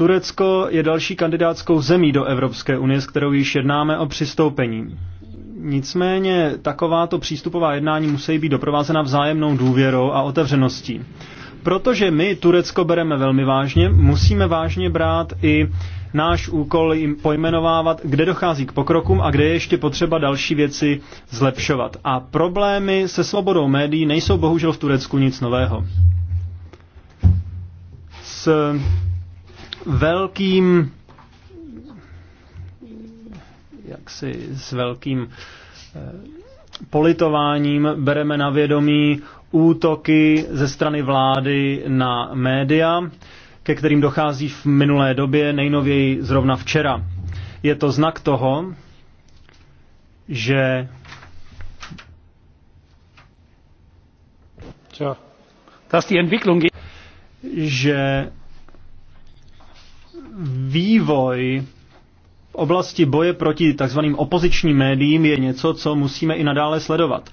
Turecko je další kandidátskou zemí do Evropské unie, s kterou již jednáme o přistoupení. Nicméně takováto přístupová jednání musí být doprovázena vzájemnou důvěrou a otevřeností. Protože my Turecko bereme velmi vážně, musíme vážně brát i náš úkol jim pojmenovávat, kde dochází k pokrokům a kde je ještě potřeba další věci zlepšovat. A problémy se svobodou médií nejsou bohužel v Turecku nic nového. S velkým jaksi s velkým eh, politováním bereme na vědomí útoky ze strany vlády na média, ke kterým dochází v minulé době, nejnověji zrovna včera. Je to znak toho, že dass die Entwicklung že vývoj v oblasti boje proti tzv. opozičním médiím je něco, co musíme i nadále sledovat.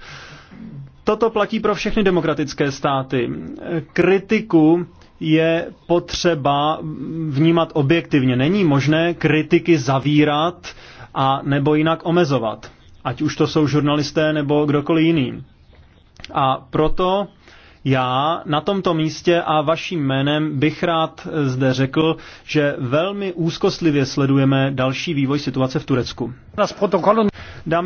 Toto platí pro všechny demokratické státy. Kritiku je potřeba vnímat objektivně. Není možné kritiky zavírat a nebo jinak omezovat. Ať už to jsou žurnalisté nebo kdokoliv jiný. A proto já na tomto místě a vaším jménem bych rád eh, zde řekl, že velmi úzkostlivě sledujeme další vývoj situace v Turecku.